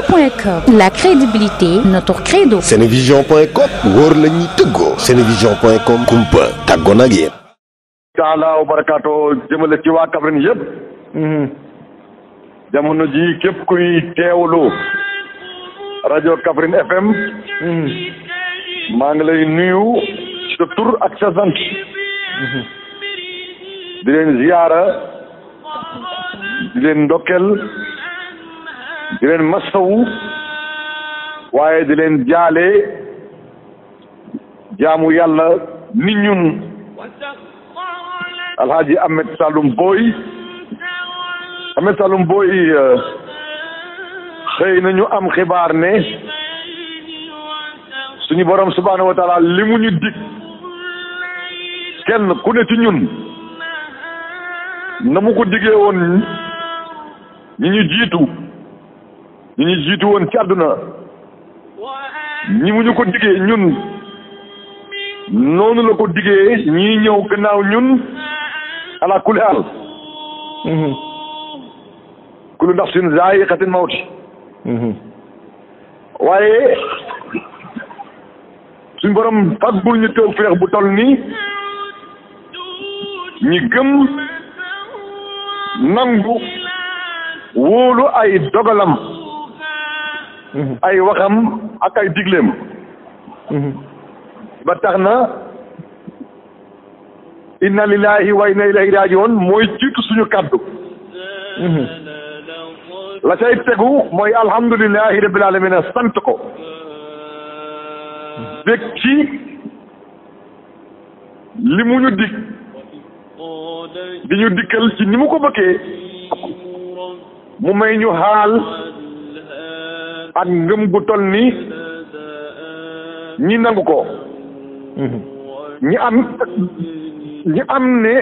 Senevision.com la crédibilité notre credo. Senevision.com wóor la ñuy tëggoo. Senevision.com kumpa tàggoon ak yéen. taala wa barakaatoo jëmale ci waa Kaffrine yëpp. Mm-hmm. jamono ji képp kuy teewlu rajo Kaffrine FM. Mm-hmm. maa ngi lay nuyu sa tur ak sa sant. Mm-hmm. di ziyaara di leen di leen masawu waaye di leen jaale jaamu yàlla ni ñun alhaji Ahmed Saloum Boy Ahmed Saloum Boy xëy na ñu am xibaar ne suñu borom subhaanahu wa taala li mu ñu dig kenn ku ne ci ñun na mu ko diggee woon ñi ñu jiitu ñi ñu jiitu woon ci àdduna ñi mu ñu ko diggee ñun noonu la ko diggee ñii ñëw gannaaw ñun ala kulli al mhm. kullu nafsin zaa'iqatul mawti mhm. waaye suñ borom fàggul ñu toog feex bu toll nii ñi gëm nangu wóolu ay dogalam Mhm. ay waxam ak ay digleem mhm. ba tax na inna lillahi wa inna ilayhi rajiun mooy jiitu suñu kàddu mhm. la cay tegu mooy alhamdulillahi rabbil alamin sant ko dég ci li mu ñu dig di ñu dikkal ci ni mu ko bëggee mu may ñu xaal ak ngëm gu toll nii ñi nangu ko mhm. ñi am ñi am ne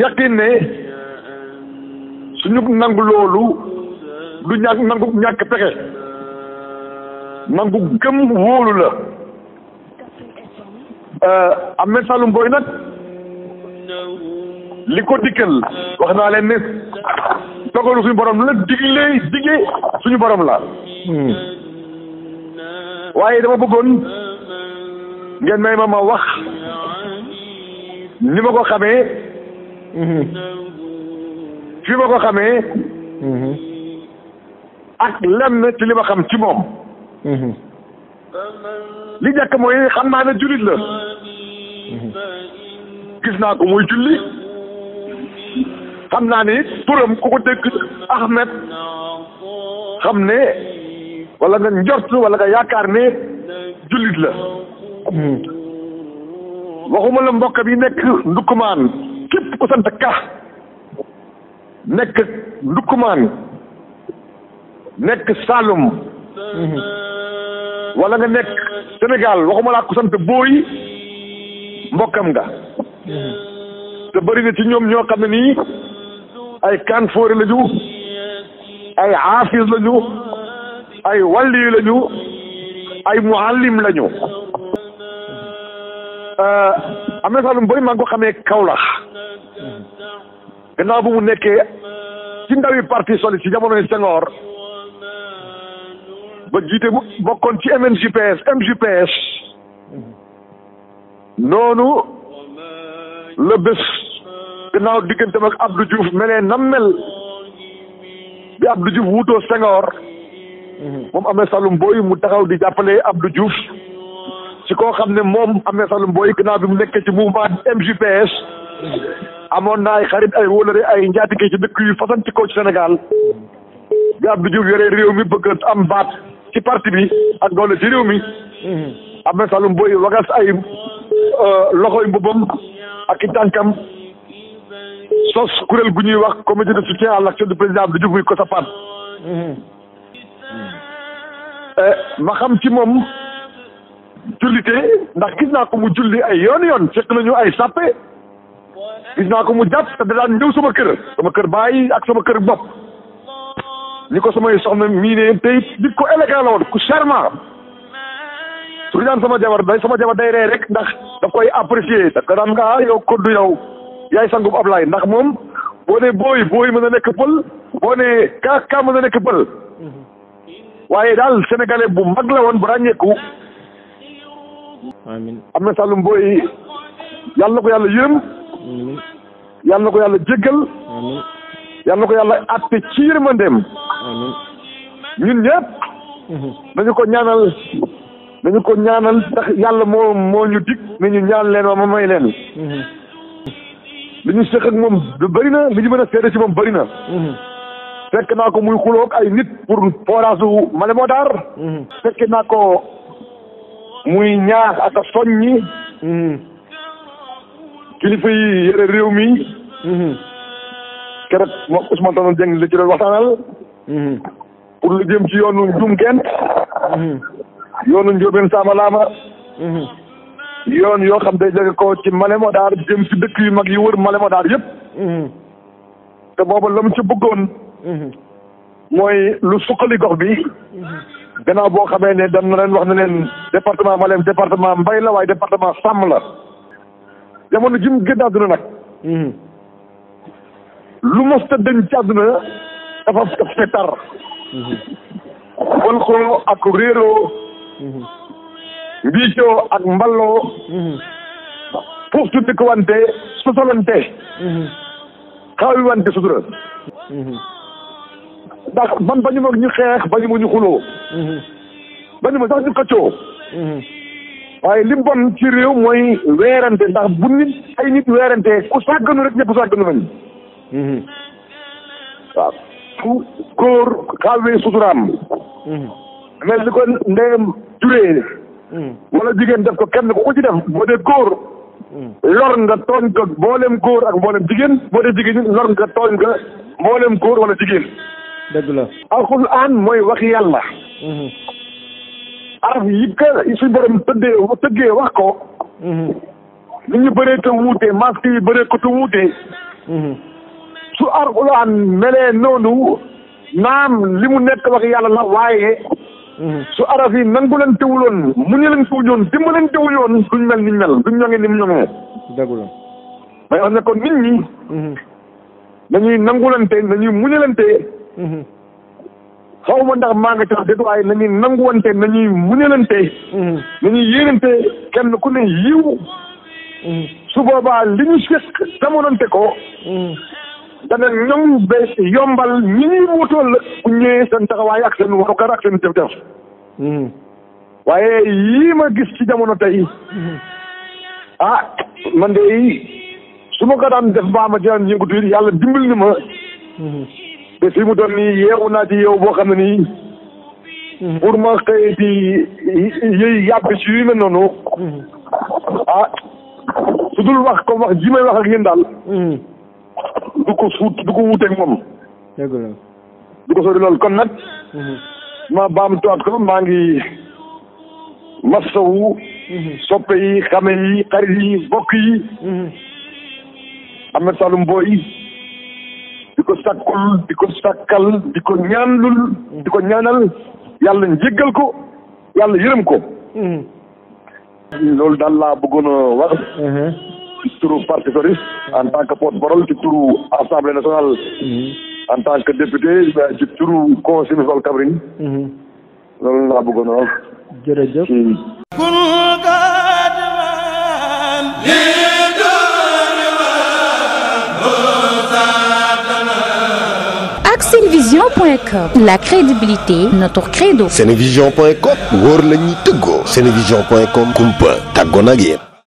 yaqin ne suñu nangu loolu du ñàkk nangu ñàkk pexe nangu gëm wóolu la euh, Ahmed Saloum Boye nag li ko dikkal wax naa leen ne dogalu suñu borom la digle digle suñu borom la hmm. waaye dama bëggoon ngeen may ma ma wax ni ma ko xamee hmm. fi ma ko xamee hmm. ak lenn ci li ma xam ci moom li jàkk mooy xam naa ne jullit la gis naa ko muy julli xam naa ne turam ku ko dëkk Ahmed xam ne wala nga njort wala nga yaakaar ne jullit la waxuma la mbokk bi nekk ndukkumaan képp ku sant ka nekk ndukkumaan nekk Saalum wala nga nekk Sénégal waxuma laa ku sant booy mbokkam nga te bëri ci ñoom ñoo xam ne nii ay kaan foore la ay xaafis lañu ay walli lañu ay muallim lañu am ah, na sax lu bëri maa ngi ko xamee Kaolack gannaaw bu mu nekkee ci ndawi parti soli ci jamonoy Senghor ba jiite bokkoon ci MNJPS MJPS noonu la bés gannaaw digganteem ak Abdou Diouf melee nam bi Abdou Diouf wutoo Senghor mm-hmm. moom Ahmed Saloum Boye mu taxaw di jàppale Abdou Diouf ci koo xam ne moom Ahmed Saloum Boye gannaaw bi mu nekkee ci mouvement MJPS mm-hmm. amoon na ay xarit ay wóolare ay njaatige ci dëkk yu fasan ci kaw ci Sénégal mm-hmm. bi Abdou Diouf yore réew mi bëgg am baat ci partie bi ak doole ci réew mi Ahmed Saloum Boye wagas ay euh, loxoy mbubam ak i tànkam sos kuréel gu ñuy wax comité de soutien à l'action du président Abdou Diouf muy COSAPAD. Eh, ma xam ci moom jullite ndax gis na ko mu julli ay yoon yoon fekk nañu ay sàppe gis naa ko mu jàpp te da daan ñëw sama kër sama kër bàyyi ak sama kër bopp ni ko samay soxna mii ne tey nit ko élégant la woon ku charmant su daan sama jabar day sama jabar day ree rek ndax daf koy apprécier daf ko daan nga ah, yow koddu yaay sangub Ablaay ndax moom boo ne booy booy mën a nekk pël boo ne kaa kaa mën a nekk pël waaye daal sénégalais bu mag la woon bu ràññeeku amiin am na Saloum yàlla ko yàlla yërëm yàlla na ko yàlla jéggal yàlla ko yàlla àtte ci yërmandeem ñun ñëpp nañu ko ñaanal nañu ko ñaanal ndax yàlla moo moo ñu dig nañu ñaan leen wa ma leen li ñu seq ak moom du na li ñu mën a seede ci moom bëri na. Mm-hmm. fekk naa ko muy xulóog ay nit pour forage su Malem mm-hmm. naa ko muy ñaax ak a soññi. Mm-hmm. kilifa yi yore réew mi. keroog moom Ousmane Tanor Dieng la ci doon waxtaanal. pour lu jëm ci yoonu Ndioum Gént. yoonu Ndiobène Samba Lama. yoon yoo xam day jóge ko ci Malem Hodar jëm ci dëkk yu mag yi wër Malem Hodar yëpp mm-hmm. te booba la mu ci bëggoon mm-hmm. mooy lu suqali gox bi mm-hmm. gannaaw boo xamee ne dañ na leen wax ne leen département Malem département mbay la waaye département sàmm la jamono ji mu génn àdduna nag lu mos ta dëñ ci àdduna dafa fekk tar mbiicoo ak mballoo mhm. fuftu dëkk wante sosolante mhm. xaawi wante sutura mhm. ndax man bañu ma ñu xeex bañu ma ñu xuloo bañu ma sax ñu xëccoo waaye li bon ci réew mooy weerante ndax bu nit ay nit weerante ku sàgganu rek ñëpp sàgganu nañ waaw fu góor xawee suturaam mais ko ndeyam juree Hmm. wala jigéen def ko kenn ku ko ci def boo dee góor. Hmm. lor nga tooñ ko mboolem góor ak mboolem jigéen boo dee jigéen lor nga tooñ nga mboolem góor wala jigéen. dëgg la alxuraan mooy wax yàlla. Hmm. araf yi ka suñ borom tëddee tëggee wax ko. nit ñu bëree te wuute masque yi bëree ko te wuute. su alxuraan melee noonu naam li mu nekk wax yàlla la waaye. Mhm. su arab yi nangu leen tewuloon mu ñu leen tuujoon dimbaleen tewuloon duñ mel ni mel duñ ñoŋe ni mu ñoŋee. dëgg la. may wax ne kon nit ñi. Mhm. nañuy nangulante nañuy muñalante. Mhm. xaw ma ndax maa nga ci wax dëgg waaye nañuy nanguwante nañuy muñalante. nañuy yéenante kenn ku ne yiw. su boobaa li ñu fekk tamonante ko. dana ñoŋ ba yombal ñi ñuy wutoo la bu ñëwee seen taxawaay ak seen warugar ak seen def def hmm. waaye yii ma gis ci jamono tey ah man de su ma ko daan def ba ma jaan yëngatu yi yàlla dimbali ni ma hmm. te fi mu doon nii yeewu naa ci yeewu boo xam ne nii hmm. pour ma xëy di yëy yàpp ci yu mel noonu ah su dul wax comme wax ji wax ak yéen daal du ko suut du ko wuuteeg moom. du ko sori loolu kon nag. Mhm. ma baamtuwaat ko maa ngi masawu. Mhm. soppe yi xame yi xarit yi bokk yi. Mhm. Ahmed Saloum Boy. di ko sàkkul di ko sàkkal di ko ñaanlul. di ko ñaanal yàlla njéggal ko yàlla yërëm ko. loolu daal laa bëggoon a ci turu parti socialiste en tant que porte-parole ci turu assemblée nationale. en tant que député euh, ci turu conseil municipal Kaffrine. loolu laa bëggoon a wax. jërëjëf. Senevision.com la crédibilité notre credo. Senevision.com wóor la ñuy tëggoo. Senevision.com kumpa tàggoo na ak yéen.